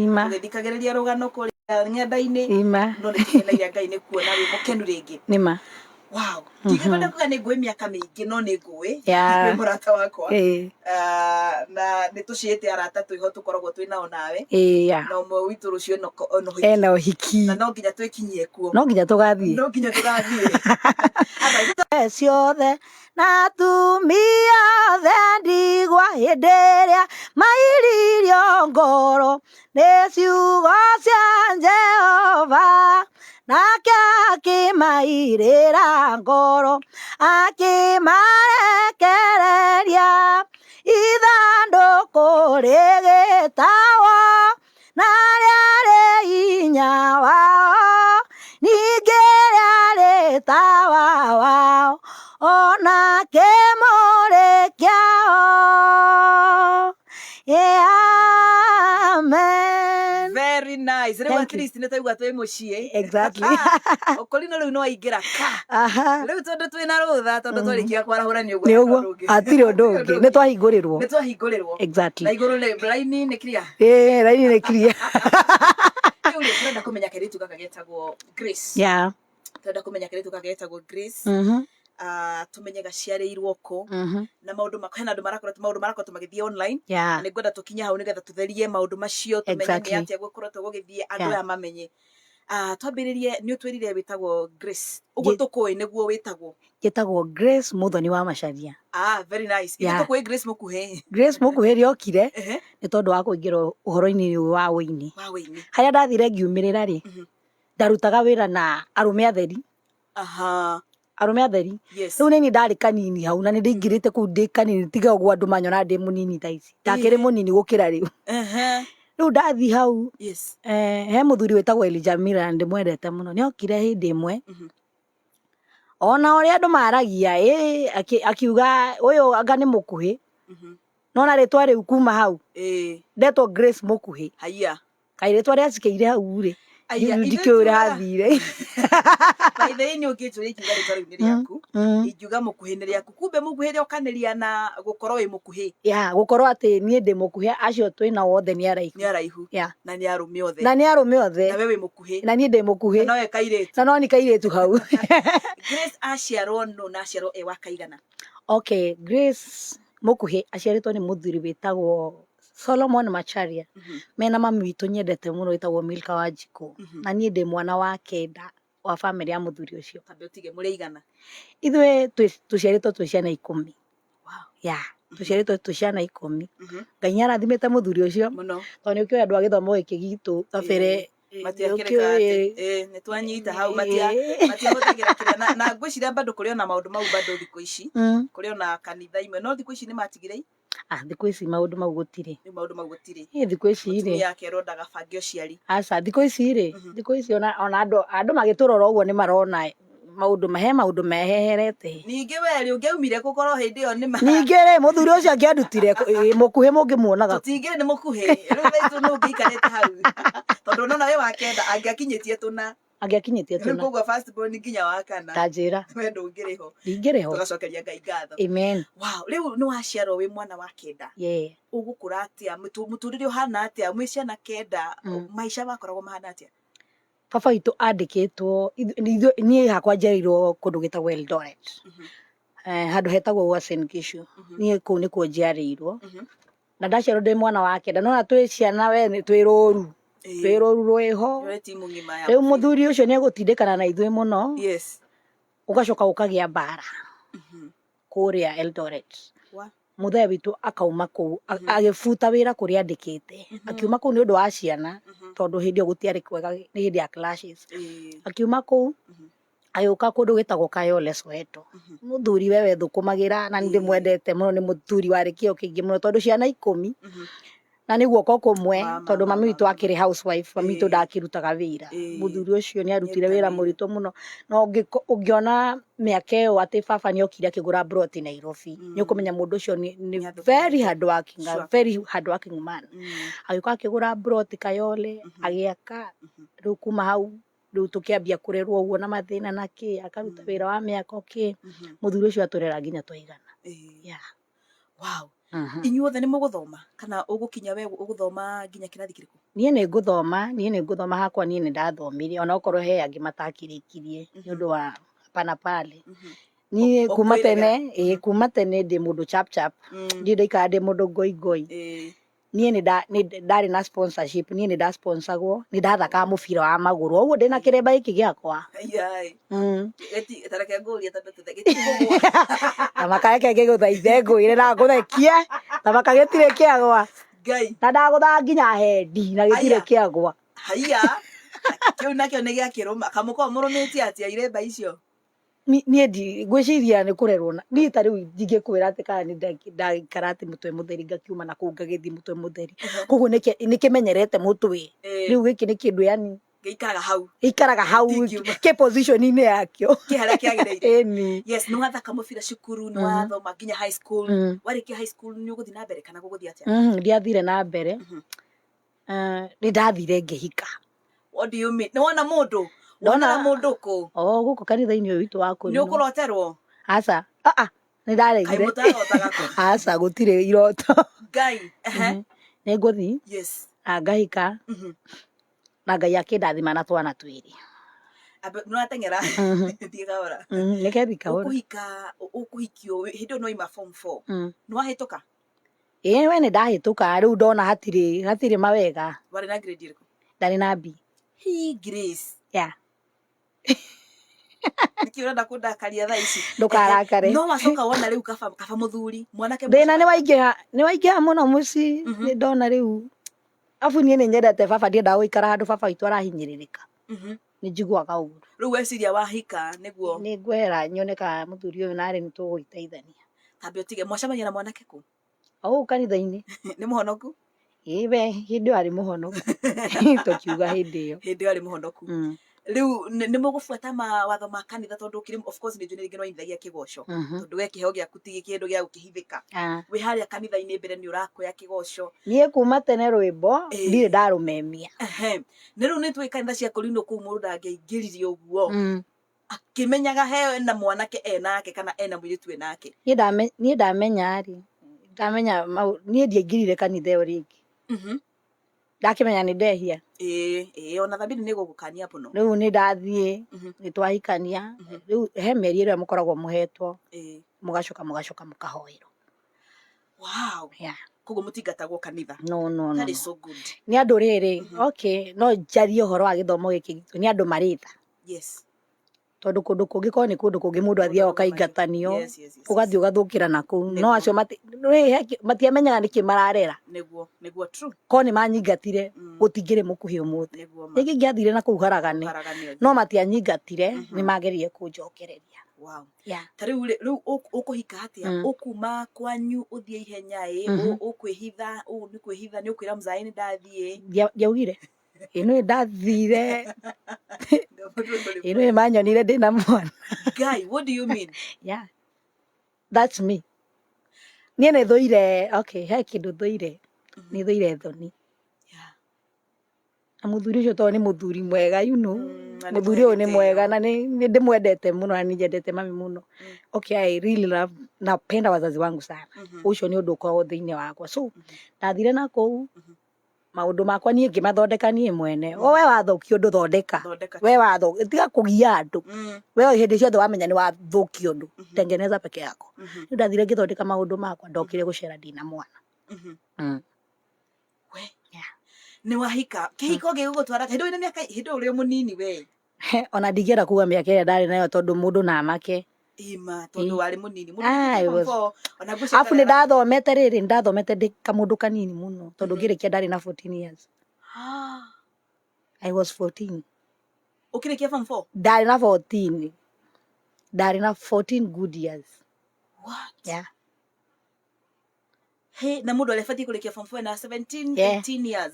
ima ngithikagĩrĩria rũgano kũrĩa ng'enda-inĩ no nĩtũkenagia ngai nĩ kuona wĩ mũkenu rĩngĩ nĩma wow mhm. ndikwenda kuga nä ngå mĩaka mĩingĩ no nä ngå ä må rata wakwa ah, na nä tå ciä te arata twä ho tå koragwo twä nao nawe na å mwe witå rå cio ena å hiki na no nginya twä kinyie kuo no nginya tå gathiä no nginya tå gathiä ciothe na tumia othe ndigwa hĩndĩ mairirio ngoro nĩ ciugo cia jehova Na nake akĩmairĩra ngoro akĩmarekereria ithandũkũ rĩgĩtahwo na rĩarĩ hinya wao ningĩ rĩarĩ ta at nä twaiga twä må ciä å kå ri no rä u nä waingä ra rä u tondå twä na rå tha tondå twarä kia kwarahå ra nä å guo atirä å ndå å ngä nä twahingå rä rwo nä twahingå rä rwo na igå rå raini nä kiria raini nä kiria rä tu gaka getagwo grace kå menya kairä tu gaka getagwo Uh, tumenye gaciarä ko mm-hmm. na maå ndå hena andå maå ndå marakorwo tå magä thiä online nä ngwenda tå kinye hau nä getha tå therie maå ndå macio tå menye nä atä gå korwo gå gä thiä andå aya mamenye uh, twambä rä rie nä å twä rire wä tagwo å guo tå kå ä nä guo wä tagwo gä tagwo må thoni wa macaria tå kå ä må kuhä må kuhä rä okire nä tondå wa kå ingä ra å horo-inä wa wå ini harä a ndathire ngiumä rä ra rä mhm. ndarutaga wä ra na arå me atheri arume atheri riu ni ni ndari kanini hau na ni ndaingirite kuu ndi kanini tiga uguo andu manyona ndi munini tha ici ndakiri munini gukira riu riu ndathi hau eh, he muthuri witagwo Elijah Mira ndimwendete muno niokire hindi imwe mhm. ona uria andu maragia ĩ akiuga uyu anga ni mukuhi mhm. nona ritwa riu kuma hau ndetwo Grace mukuhi haiya kaĩ ritwa riacikiire hau rĩ ndä å rathire maithä nä å ngä njå rä ingiuga rä tarä u rä aku ingiuga må kuhä nä rä aku kumbe må kuhä rä okanä ria na gå korwo wä må kuhä gå korwo atä niä ndä må kuhä acio twä na wothe nä araihu nä araihu na nä arå me othe na nä arå mä othe nawe wä må kuhä na niä ndä må kuhä noe kairä tu na no kairä tu hau Grace aciarwo no na aciarwo e wa kaigana okay Grace må kuhä aciarä two nä må thuri wä tagwo Solomon Macharia mm-hmm. mena mami witu nyendete muno itagwo Milka Wanjiku mm-hmm. na nie ndi mwana wa kenda wa family ya muthuri ucio ithuĩ tũciarĩtwo twĩ ciana ikũmi ya mm-hmm. tũciarĩtwo twĩ ciana ikũmi Ngai nĩarathimĩte muthuri ucio tondũ nĩũkĩũĩ andũ a gĩthomo gĩkĩ gitũ kabere eh, eh, eh, nĩ twanyita hau matiahũthagĩra kĩrĩa na ngwĩciria bado kũrĩ ona maũndũ mau bado thikũ ici mm. kũrĩ ona kanitha imwe no thikũ ici nĩ matigire ah thiku ici maundu mau gutiri riu maundu mau gutiri ii thiku ici ri yake rondaga bange uciari aca thiku ici ri mhm. thiku ici ona ona andu andu magiturora uguo ni marona maundu mahe maundu meheherete ningi we ri ungiaumire gukorwo hindi iyo ni ningi ri muthuri ucio angiandutire mukuhi mungimuonaga tutingi ni mukuhi riu ritu ni ungiikarite hau tondu nona wi wa kenda angiakinyitie tuna angiakinyĩtie tena rĩu kwa first born nginya wa kana tanjĩra we ndũngĩrĩ ho ndingĩrĩ ho tũgacokeria Ngai ngatho amen wow rĩu nĩ waciarwo wĩ mwana wa kenda yeah ũgũkũra atĩa mũtũrĩre ũhana atĩa mwĩ ciana kenda mm. maica makoragwo mahana atĩa baba witũ andĩkĩtwo niĩ hakwa njereirwo kũndũ gĩtagwo Eldoret mm-hmm. eh, handũ hetagwo gwa St. Gishu mm-hmm. niĩ kũu nĩkuo njiarĩirwo mm-hmm. na ndaciarwo ndĩ mwana wa kenda nona na twĩ ciana we twĩ rũru Eh, ruru rweho riu muthuri ucio ni egutindikana na ithui muno ugacoka ukagia mbara mm-hmm. kuria Eldoret muthee witu akauma kuu agibuta mm-hmm. wira kuria andikite mm-hmm. akiuma kuu ni undu wa ciana tondu hindi iyo gutiari kwega ni hindi ya clashes eh. akiuma kuu agiuka kundu gitagwo Kayole Soweto muthuri we wethukumagira na eh. ndimwendete muno ni muthuri wari kio kiingi muno tondu ciana ikumi na nä guoko kåmwe tondå mami witå akärä mami witå eh. ndakärutaga wä ra eh. må thuri å cio nä arutire wä ra må ritå må no no å ngä ona mä aka ä yo atä baba nä okire akä gå ra broti nairobi nä å kå menya må ndå å cio agä korwo akä gå ra broti kayole agä aka rä u kuma hau rä u tå kä ambia kå rerwo å guo na mathä na na kä akaruta mm. wä ra wa mä aka å kä må mm-hmm. thuri å cio atå rera nginya twaigana eh. inyuothe nä må kana å gå kinya we å gå thoma nginya kä rathi kä rä kå niä nä ngå thoma niä nä ngå thoma hakwa niä nä ndathomire ona okorwo he angä matakirä kirie nä å mhm. ndå wa panapale mhm. niä kuma tene ä mhm. kuma tene ndä må ndå mm. ndi ndaikaga ndä må ndå ngoingoi nie ni ndari na sponsorship nie ni sponsor go ni ndathakaga må bira wa magå rå å guo ndä na kä remba gä kä gä akwa na makareke ngä gå thaithe ngå ä re na ngå thekie na makagä tirä kä agwa na ndagå thaga nginya hendi na gä tirä kä agwa kä u nakä o nä gä akä rå ma kamå korwo må rå mä tie atä airemba icio ni niĩ ngwĩciria nĩ kũrerwo na niĩ ta rĩu ndingĩkwĩra atĩ kana nĩ ndaikara atĩ mũtwe mũtheri ngakiuma na kũu ngagĩthiĩ mũtwe mũtheri ni nĩkĩmenyerete mũtwe rĩu gĩkĩ nĩ kĩndũ yani gĩikaraga hau gĩikaraga hau ke position-inĩ yakĩo kĩ harĩa kĩagĩrĩire ĩni yes nĩ wathaka mũbira cukuru nĩ wathoma nginya high school wari warĩkia high school nĩ ũgũthiĩ na mbere kana gũgũthiĩ atĩa ndiathire na mbere nĩ ndathire ngĩhika what do you mean nĩ wona mũndũ ndona mundu ku o guku kanitha-ini uyu witu wa kuru ni ukuroterwo aca aa ni ndaregire aca gutire iroto ngai mhm. ni yes nguthi ah, na ngahika mhm. na ngai akindathima na twana twiri nĩwateng'era mhm. thiĩ kahora nĩkethi kahora ũkũhika ũkũhikio hĩndĩ ĩyo no ima form four nĩwahĩtũka ĩĩ we nĩ ndahĩtũka rĩu ndona hatirĩ hatirĩ mawega warĩ na grade ĩrĩkũ ndarĩ na b hi grace yeah kkndå karakarethä na nä waingä ha må na må ci nä ndna rä u abunie nä nyendatebabandiendagå ikara handå babaitå arahinyä rä rä ka nä njigwaga ågå r nhea nyekamå thuri å yån ä tå gå itaihaniaåkanithain nk e hä ndä ä y arä må honokuokiuga hä ndä yo å honku riu ni mugubuata mawatho ma kanitha tondu ukiri of course ni njuni ringi no inithagia kigoco mm-hmm. tondu we kiheo giaku ti kindu gia gukihithika ah. wi haria kanitha-ini mbere ni urakuya kigoco nie kuma tene rwimbo ndire ndarumemia ni riu ni twi kanitha cia korindu kuu mundu ndangiingiririe uguo mm. akimenyaga he na mwanake enake kana ena mwiritu enake nie ndamenya ri ndamenya nie ndiaingirire kanitha iyo ringi mm-hmm. ndakimenya ni ndehia ii ona thabiri ni gugukania muno riu ni ndathie ni twahikania riu he mieri iria mukoragwo muhetwo mugacoka mugacoka mukahoerwo wow yeah koguo mutingatagwo kanitha no no no so good ni andu riri okay no njarie uhoro wa githomo giki ni andu maritha yes tondu kundu kungi ko ni kundu kungi mundu athiaga akaigatanio ugathi ugathukira na ku no acio mati ni matiamenyaga niki mararera ko ni manyingatire mm. gutingiri mukuhi umuthi ringi ngiathire na ku haragane no mati matianyingatire ni mm-hmm. magerire kunjokereria ta riu riu ukuhika atia ukuma mm. kwanyu uthie ihenya ii ukwihitha mm-hmm. u ni kwihitha ni ukwira mzaini ni ndathie ndiaugire ino ndathire ino imanyonire ndina mwana guy what do you mean yeah that's me niä nä thå okay he kä ndå ni ire mm-hmm. nä thå ire thoni na må thuri å cio tondå mwega you know må thuri å mwega na ni ndä mwendete må no na nä njendete mami muno mm. okay I really love napenda wazazi wangu sana å mm-hmm. cio nä å ndå å koragwo thä wakwa so mm-hmm. ndathire na kå u maundu makwa nie ngimathondeka nie mwene o we undu thondeka we watho tiga kugia andu mm. we hindi ciothe wamenya ni wathukio undu mm-hmm. tengeneza peke yako ni mm-hmm. ndathire ngithondeka maundu makwa ndokire gucera ndina mwana mm-hmm. mm. we ni wahika kihiko mm. gigugutwara hindi uri miaka hindi uri munini we ona ndingienda kuga miaka iria ndari nayo tondu mundu na amake ima nä ndathomete rä rä nä ndathomete riri ndathomete kanini må no tondå mm-hmm. ngä rä kia ndarä na ndarä na na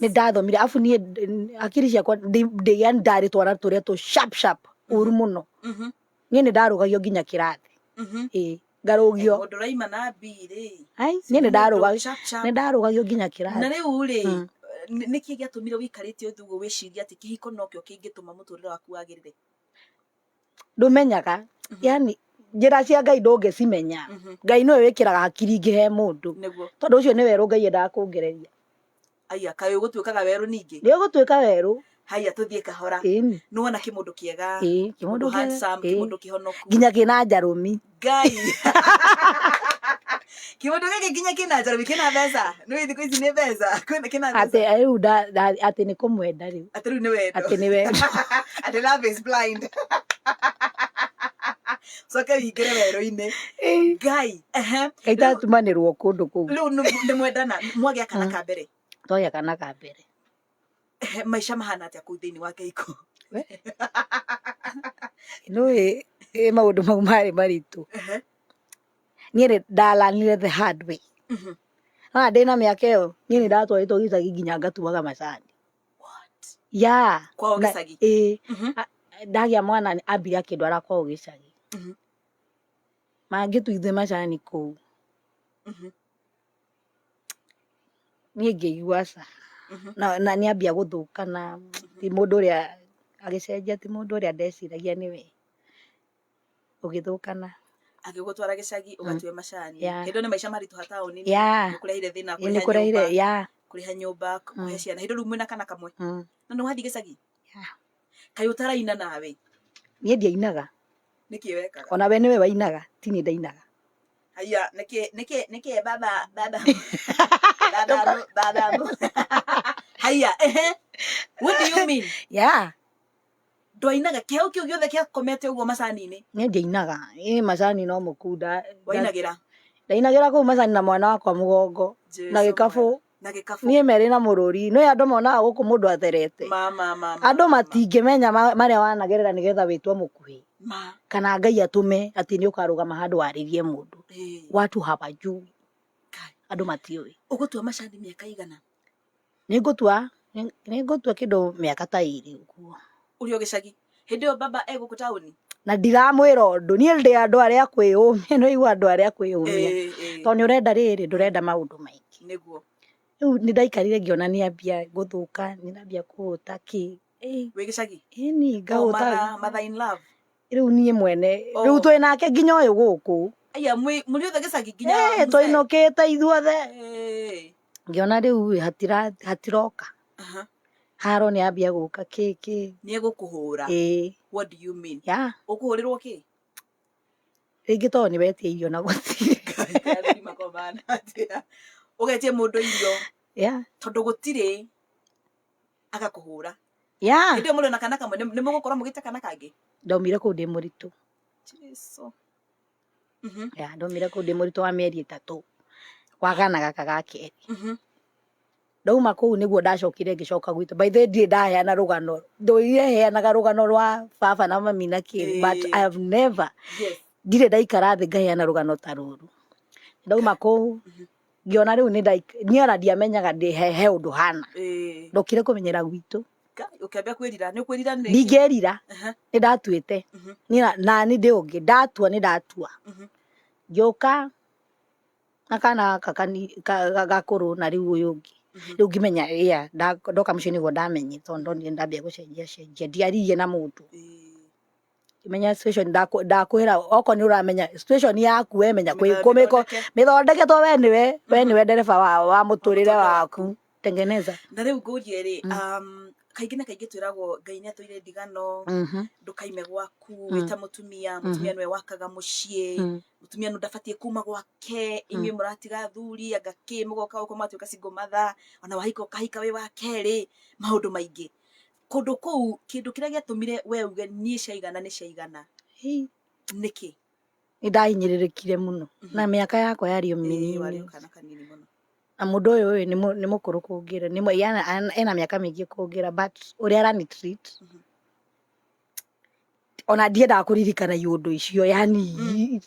ndathomire afu ni akiri ciakwa ndigia ndaritwana turia tu sharp mm -hmm nie ni ndarugagio nginya kirathi ii mm-hmm. ngarugio mundu raima na mbiri ai nie ni ndarugagio ni ndarugagio nginya kirathi na ri mm. nä kä gä atå mire wä ikarä te å thå guo wä ciria atä kä hiko nokio kä ngä tå ma må tå rä re waku wagä rä re ndå menyaga mm-hmm. yani njä ra cia ngai ndå ngä cimenya mm-hmm. ngai nä we wä kä raga hakiri ngä he må ndå tondå å cio nä werå ngai endaga kå ngereria ai akaä å gå tuä kaga werå ningä nä å gå tuä ka werå haya tuthie kahora ni wona kä må ndå kä ega kihonoku må ndå kä honoku nginya kä na njarå ngai kä må ndå gä kä nginya besa na njarå kä na mbeca nä thikå ici nä mbeca kä na atä rä u atä nä kå wendo atä nä wendo atä love is blind coke wingä werå-inä ngai gaitatumbanä rwo kå ndå kå u rä u nä mwendana mwagä akana mm. kambere twagä akana kambere Eh, maica mahana atia kuu thiini wa kihiko nui maundu mau marä maritu niä ndaranire the hard way na mm-hmm. ah, ndä na mä aka ä yo niä nä two gä cagi nginya ngatuaga macani ya ndagä mm-hmm. a mwana ambire akä ndwara kwao gä cagi mangä mm-hmm. tuithe macani kå u niä ngä igua Mm-hmm. na na ni ambia guthukana ti mundu mm-hmm. uria agicenjia ti mundu uria ndeciragia niwe ugithukana agigutwara gicagi ugatue macani hindu ni maica maritu hataoni ni kurehire thina kuriha nyumba kuriha mm. ciana hindu riu na kana kamwe mm. na ni wathi gicagi kai utaraina nawe nie ndiainaga niki wekaga ona we niwe wainaga tini ndainaga aya niki niki niki baba baba babamu haya ndwainaga kä hau kä u gä othe kä akomete å guo macani-inä nä ndiainaga ä macani no må kunda wainagä ra ndainagä ra kå u macani na mwana wakwa må gongo na gä kabå niä merä na må rå ri nä andå monaga gå kå må ndå atherete andå matingä menya marä a wanagerera nä getha wä two må kuhä kana ngai atå me atä nä å karå gama handå warä rie må ndå watu habajuu andu matiui ugutua macani miaka igana ningutua ningutua kindu miaka ta iri uguo urio gicagi hindi iyo baba eguku tauni na ndiramwira undu nie ndi andu aria akwiyumia no igua andu aria akwiyumia to ni urenda riri ndurenda maundu maingi niguo riu ni ndaikarire ngiona ni ambia guthuka ni ndambia kuuta ki wi gicagi ini ngauta mother in love riu nie mwene riu oh. twi nake nginya uyu guku aya muri uthe gicagi twainukite ithuothe ngiona hatira hatiroka haro ni ambia guka ki ki ni egukuhura what do you mean yeah ukuhurirwo ki ringi to ni wetie irio na gutiri ugetie mundu irio yeah tondu gutiri agakuhura yeah ndio muri na kana kamwe ni mugukorwo mugite kana kangi ndaumire kuu ndi muritu jesus Mm-hmm. ndomire kuu ndi murito wa mieri itatu kwagana gaka ga keri mm-hmm. ndauma kuu niguo ndacokire ngicoka gwitu by the ndie ndaheana rugano ndoire heanaga rugano rwa baba na mami na kiri but i have never ndirä ndaikara thä ngaheana rå gano ta rå ru ndauma kå u ngiona rä u niä ona ndiamenyaga he å ndå hana ndokire kå menyera gwitå ndingerira ni ndatuite na ni ndi ungi ndatua ni ndatua ngiuka na kana gakuru na riu uyu ungi riu ngimenya ya ndoka mucii niguo ndamenyi tondu ndambia gucenjia cenjia ndiaririe na mundu menya situation ndakwira oko ni uramenya situation yaku we menya kumiko mithondeke to we niwe we niwe ndereba wa muturire waku tengeneza na riu ngurie ri um mm kaingä na kaingä twä ragwo ngai nä atwä ndigano mm-hmm. ndå kaime gwaku mm. wä ta må tumia må mm-hmm. tumia nä we wakaga må ciä må mm. tumia nä ndabatiä kuma gwake mm. inyuä må ratiga thuri anga kä må goka gå ka cingå matha ona wahika åkahika wä wa maå ndå maingä kå ndå kå u kä ndå kä rä a gä atå mire we uge niä ciaigana nä ciaigana nä kä nä ndahinyä rä rä kire må no na mä mm-hmm. aka yakwa yario mä na mundu uyu ri ni mukuru kungira ni yana ena miaka mingi kungira but uria arani treat mm-hmm. ona ndiendaga kuririkana iundu icio yani mm-hmm.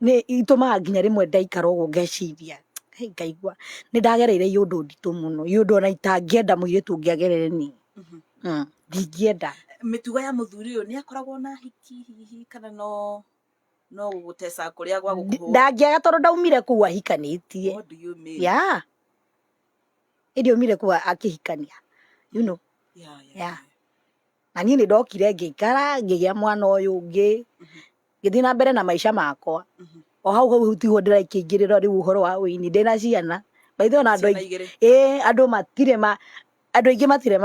ni itumaga nginya rimwe ndaikara uguo ngeciria ngaigua ni ndagereire iundu nditu muno iundu ona itangienda muiritu ngiagerere ni mm-hmm. hmm, ndingienda mitugo ya muthuri uyu ni akoragwo na hiki hihi kana no no guguteca kuria gwa gukuhura ndangiaga tondu ndaumire ku ahikanitie ya indi umire ku akihikania you know ya na nie ni ndokire ngĩikara ngĩgĩa mwana uyu ngi mm-hmm. ngĩthiĩ na mbere na maica makwa mm-hmm. o hau hau ndira kingirira ri uhoro wa uini ndina ciana maithe ona andũ aingĩ ĩĩ ma andu aingi matire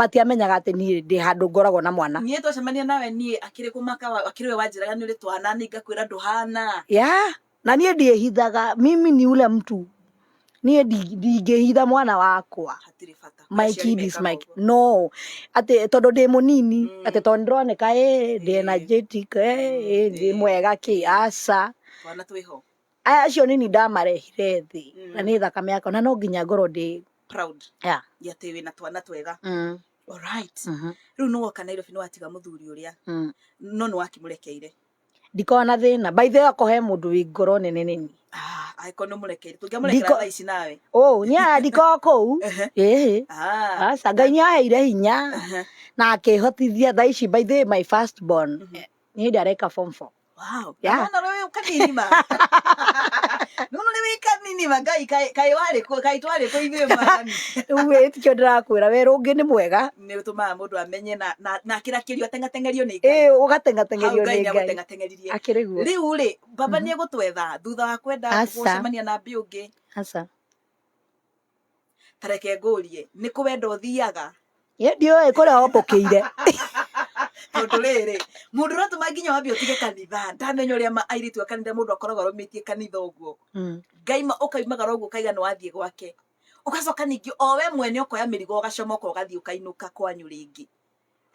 matiamenyaga ati ni ndi handu ngoragwo na mwana nie twacemania nawe nie akiri kumaka akiri we wanjiraga ni uri twana ni ngakwira nduhana yeah na nie ndiehithaga mimi ni ule mtu nie ndingihitha mwana wakwa my kid is my no ati tondu ndi munini mm. ati tondu ndironeka eh ndi energetic eh mm, ndi mwega ki asa aya acio nini ndamarehire thi mm. na ni thakame yakwa na no nginya ngoro ndi proud yeah yate na twana twega mm alright mm-hmm. mm no woka Nairobi no watiga muthuri uria mm. no no wakimurekeire ndikona thina by the akohe mundu wi ngoro nene nini ah aiko no murekeire tungiamurekera thaa ici nawe oh nya ndiko ah ngai nä aheire hinya na akä hotithia tha ici by the my first born mm-hmm. ni ndareka form wow nä kaitwarä kå tikio ndä rakwä ra werå å ngä nä mwega nä å tå maga må ndå amenye na akä rakä rio atengatengerio nä ngai å gatengatengerio nä ngai atengatengeririe akä rä guo u rä baba mhm. nä egå twetha thutha wa kwenda gåcemania na mbä å ngä tareke ngå rie nä kå wenda å thiaga ndiå kå rä a ombokä ire tondu riri mundu uratuma nginya wambe utige kanitha ndamenya uria ma airitu a kanitha mundu akoragwo aromitie kanitha uguo hmm. ngai ma ukaimaga roguo ukaiga ni wathiĩ gwake ugacoka ningĩ o we mwene ukoya mĩrigo ũgacomoka ũgathiĩ ũkainũka kwanyu rĩngĩ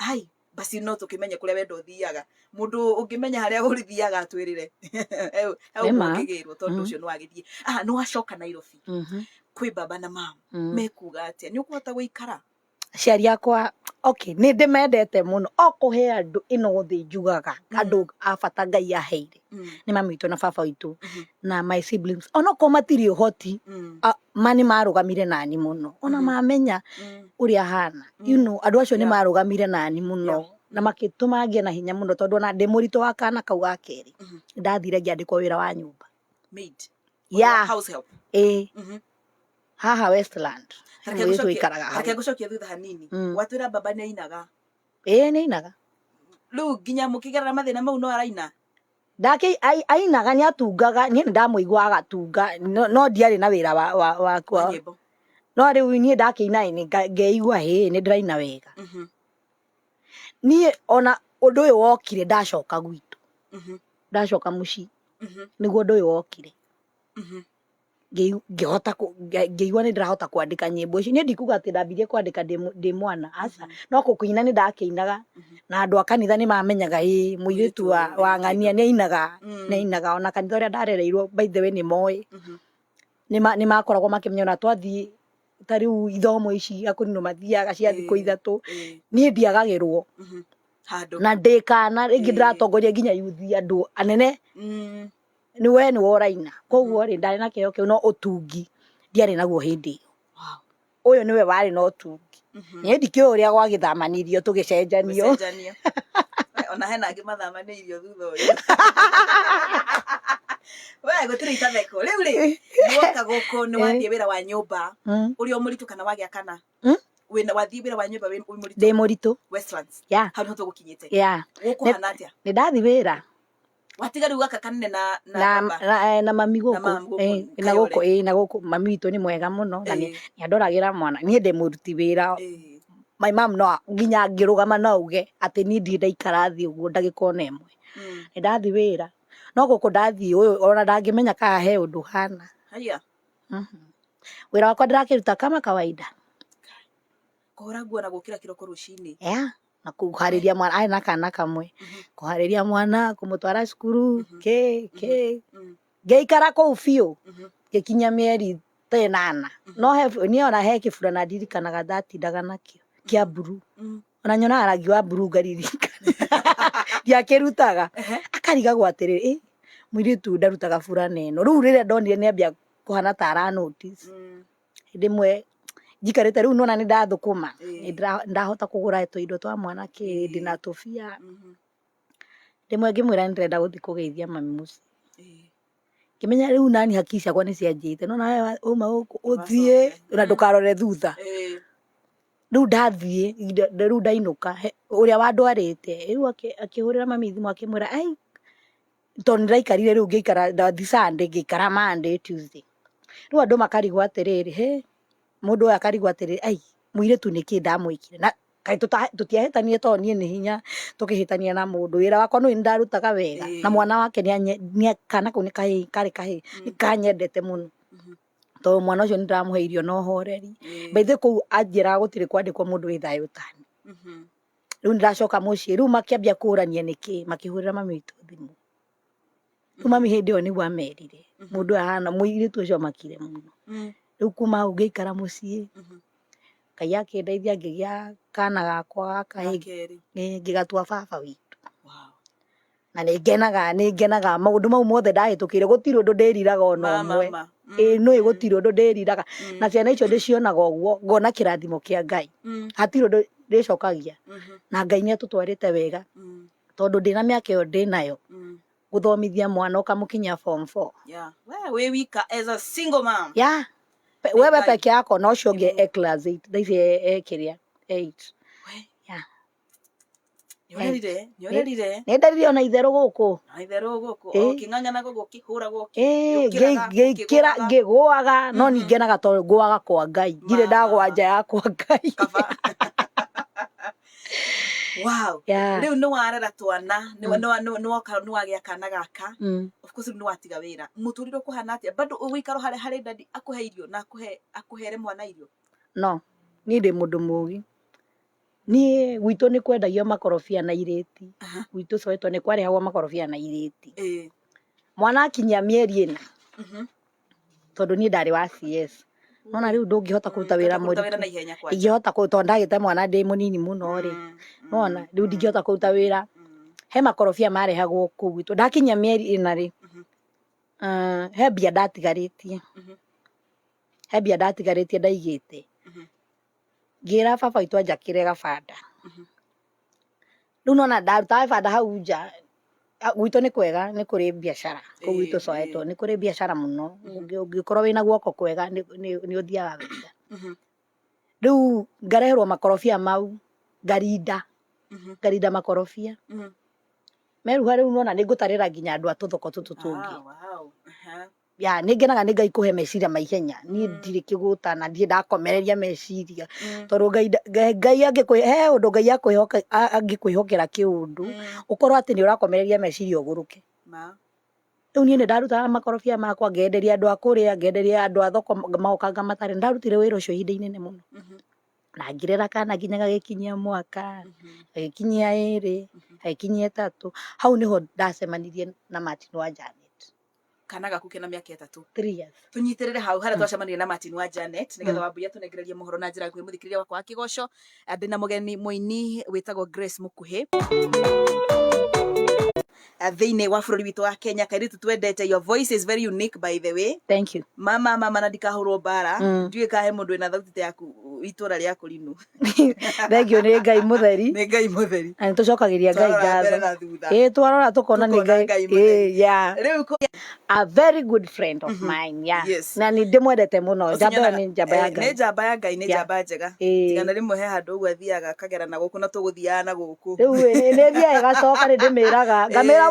ai basi no tũkĩmenye kũrĩa wenda ũthiaga mũndũ ũngĩmenya harĩa ũrĩthiaga atwĩrĩre ũkĩgĩrwo cio hmm. ũcio nĩ wagĩthiĩ nĩ wacoka nairobi hmm. kwĩ baba na mam mekuga atĩa nĩ ũkũhota gũikara aciari akwa okay nä ndä mendete må no okåhe andå ä no thä njugaga mm-hmm. andå abata ngai aheire mm-hmm. nä mami witå na baba witå mm-hmm. na my siblings onokorwo matirä å hoti mani mm. nä marå gamire nani må no ona mamenya å rä a know andå acio nä marå gamire nani må no na makä tå na hinya må no tondå ona ndä må ritå wa kana kau ga kerä ndathire ngä andä kwo wä ra haha Westland mwitu ikaraga hakia gucokia thutha hanini mm. baba ni ainaga ĩĩ nĩ ainaga rĩu nginya mũkĩgerera mathĩna mau no araina ndake ainaga ni atungaga ni nĩ ndamũigua agatunga no ndiarĩ na wa wakwa no rĩu niĩ ndakĩina ngeigua hĩ nĩ ndĩraina wega mhm. ni ona ũndũ ũyũ wokire ndacoka gwitũ mhm. ndacoka mũciĩ mhm. nĩguo ũndũ ũyũ wokire ngĩigua ni ndĩrahota kwandika nyimbo ici niĩ ndikuga atĩ ndambirie kwandika ndĩ mwana aca mm-hmm. no gũkĩina nĩ ndakĩinaga mm-hmm. na andũ a kanitha nĩ mamenyaga ĩĩ mũirĩtu wa ng'ania nĩ ainaga mm. nĩ ainaga ona kanitha ũrĩa ndarereirwo by the way nĩ moĩ mm-hmm. nĩ makoragwo makĩmenya ona twathiĩ ta rĩu ithomo ici akũrinũ mathiaga cia thikũ ithatũ niĩ ndiagagĩrwo na ndĩ kana rĩngĩ ndĩratongoria nginya yuthi andũ anene mm. Mm. Mm-hmm. ni we ni woraina koguo ri ndari na kiheo kiu no utungi ndiari naguo hindi iyo uyu niwe wari no utungi ni ndikio agwa githamanirio tugicenjanio ona hena angä mathamanirio thutho thutha å yå we gå tirä itameko rä u rä woka gå kå nä wathiä wa nyå uri o rä kana å må kana mm? wagä akana wathiä wä ra wa nyå mba ndä må ritå hau nä ho tå gå kinyä te gå kå hana atä a nä ndathi wä ra watiga watigari uga kakane na na na, na eh, na mami guku na guku eh na guku eh, mami witu ni mwega muno na ni eh. andoragira mwana ni ndi muruti wira my mom no nginya ngirugama no uge ati ni ndi ndaikara thi uguo ndagikona imwe hmm. ni ndathi wira no guku ndathi uyu ona ndangimenya ka he undu hana haya mm-hmm. wira wakwa ndirakiruta kama kawaida kuhura nguo na gukira kiroko ruciini yeah na kuharĩria mwana arĩ na kana kamwe mm-hmm. kũharĩria mwana kũmũtwara cukuru mm-hmm. kĩ kĩ mm-hmm. ngĩikara kũu biũ ngĩkinya mĩeri ta ĩnana no niĩ ona he kĩburana ndirikanaga ndatindaga nakĩo kĩa mburu ona nyona rangi wa mburu ngaririkana ndiakĩrutaga akarigagwo atĩrĩrĩ mũirĩtu ũyũ ndarutaga burana ĩno rĩu rĩrĩa ndonire nĩambia kũhana ta aranotici mm. hĩndĩ ĩmwe njikarite riu nona ni ndathukuma ndahota kugura indo twa mwana mwanake ndina tufia mm-hmm. rimwe ngimwira ndirenda guthi kugeithia mami muci ngimenya riu nani haki ciakwa ni cianjite nona we uma uthie na mm-hmm. ndukarore thutha riu ndathie riu ndainuka uria wandwarite riu akihurira mami thimu akimwira ai tondu ndiraikarire riu ngiikara ndathi Sunday ngiikara Monday Tuesday riu andu makarigwo atiriri he mundu uyu akarigwa atiriri ai muiritu niki ndamwikire na kaä tutiahätanie to niä nä hinya tå na må ndå wakwa nä ndarutaga wega na mwana wake kana kau nä kahä karä kahä mm. nä kanyendete må mm-hmm. to mwana å cio nä ndäramå na å horeri mbaithä kå u anjä raga gå tirä tani mm-hmm. rä u nä ndacoka må ciä rä u makä ambia kå rania mami witå thimå rä mm-hmm. mami hä ndä ä amerire må ahana må irä makire må riu kuma u ngiikara mucii ngai mm-hmm. akindeithia ngigia kana gakwa gaka ngigatua baba witu na ningenaga ningenaga maundu mau mothe ndahitukire gutiri undu ndiriraga ona umwe ii mm, nui mm. gutiri undu ndiriraga mm. na ciana icio ndicionaga uguo ngona kirathimo kia ngai hatiri undu ndicokagia mm-hmm. na ngai niatutwarite wega tondu ndina miaka iyo ndinayo guthomithia mwana ukamukinyia form four we wika as a single mom yeah Pe, wewe peke yako nocoge e class 8 thaici kiria 8 nä ndarire ona itherå gå kågä kä ra ngä gåaga no mm-hmm. ningenaga tondå ngåaga kwa ngai ndirä ndagwa nja yakwa ngai wow yeah. riu ni warera twana ni ni wagea kana gaka mm. of course ni watiga wira muturire kuhana atia bado wikaro hari hari dadi akuhe irio na akuhe akuhere mwana irio no ni ndi mundu mugi ni gwitu ni kwendagio makorobia na ireti gwitu coetwo ni kwarehagwo makorobia na iriti mwana akinyia mieri ina mm-hmm. tondu ni ndari wa CS nona riu ndungihota mm, kuruta wira muritu ingihota to ndagite mwana ndi munini muno ri nona mm, mm, riu ndingihota kuruta wira he makorobia marehagwo kuu gwitu ndakinya mieri ina ri mm-hmm. he mbia ndatigaritie mm-hmm. he mbia ndatigaritie ndaigite mm-hmm. ngira baba itwa anjakire gabanda riu nona ndarutaga gibanda hau nja gwitå nä kwega nä kå rä biacara kå gwitå coetwo nä kå rä biacara må no å ngä korwo wä na guoko kwega nä å thiaga wenja rä u ngareherwo makorobia mau ngarinda ngarinda makorobia meruha rä u nona nä ngå tarä ra nginya andå a tå thoko tå tå tå ngä ya ni ngenaga ni ngai kuhe meciria maihenya ni mm. ndiri kiguta na ndi ndakomereria meciria mm. toru ngai angä kwä he å ndå ngai angä kwä hokera kä å ndå å mm. korwo atä nä å rakomereria meciria å gå rå ke rä u niä nä ndarutaga makorobia makwa ngenderia andå a kå rä a ngenderia andå a thoko maokanga matarä ndarutire wä ra å cio ihinda inene må no mm-hmm. na ngirera kana nginya gagikinyia mwaka mm-hmm. gagikinyia iri mm-hmm. gagikinyia tatu hau niho ndacemanirie na Martin Wanjala kana gaku kena miaka rä re hau haria mm. twacemanirie na Martin wa Janet nigetha mm. wambuya må horo na njira nguhi ria wakwa wa geni må ini wä tagwo Grace kuhä Uh, thiini wa bururi witu wa Kenya kairitu twendete your voice is very unique by the way thank you mama mama na ndikahurwo mbara mm. ndiuĩ ka he mundu wina thauti ta yaku itũra rĩaku rinu thengio nĩ ngai mutheri nĩ ngai mutheri na nĩtũcokagiria ngai ngatho ĩĩ twarora tũkona nĩ ngai ya a very good friend of mhm. mine yes. na ni ndĩmwendete mũno njamba ĩyo nĩ njamba ya eh, ngai nĩ njamba ya ngai nĩ njamba njega tigana rĩmwe he handũ ũguo athiaga akagera na gũkũ na tũgũthiaga na gũkũ rĩu nĩ thiaga ĩgacoka nĩ ndĩmĩraga ngamĩra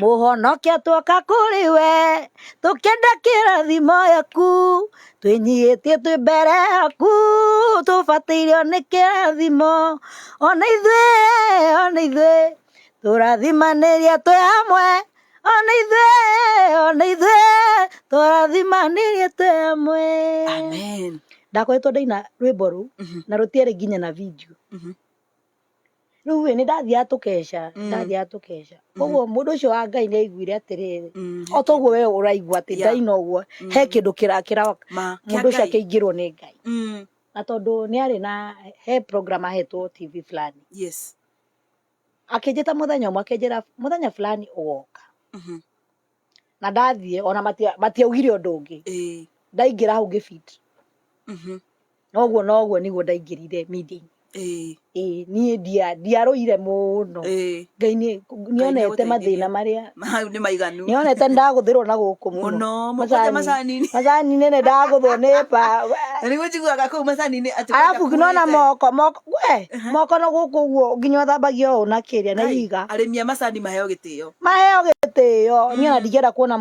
Muhonokia twoka kuri we tukienda kirathimo yaku twinyihitie twi mbere yaku tubatiirio ni kirathimo ona ithui ona ithui turathimanirie twi hamwe ona ithui ona ithui turathimanirie twi hamwe amen ndakoretwo ndaina rwimbo ru mhm. na rutire nginya na video mhm riu ni ndathiaga tukesha ndathiaga tukesha koguo mundu ucio wa ngai ni aiguire atiriri mm-hmm. o toguo we uraigua ati ndaina uguo he mm-hmm. kindu kirakira mundu ucio akiingirwo ni ngai mm. na tondu ni ari na he program ahetwo tv fulani yes akinjita muthenya umwe akinjira muthenya fulani ugoka mm-hmm. na ndathie ona matiaugire undu ungi ndaingira hau gibindi noguo noguo niguo ndaingirire meeting niä ire må no ngai mathä na marä a nionete ndagå thä rwo na gå kå må no nä ndagå thwo nä arabu nona moko moko we moko no gå kå guo nginya å thambagia å na kä rä a na iga arä maheo gä tä o maheo gä tä o niona ndingä enda kuona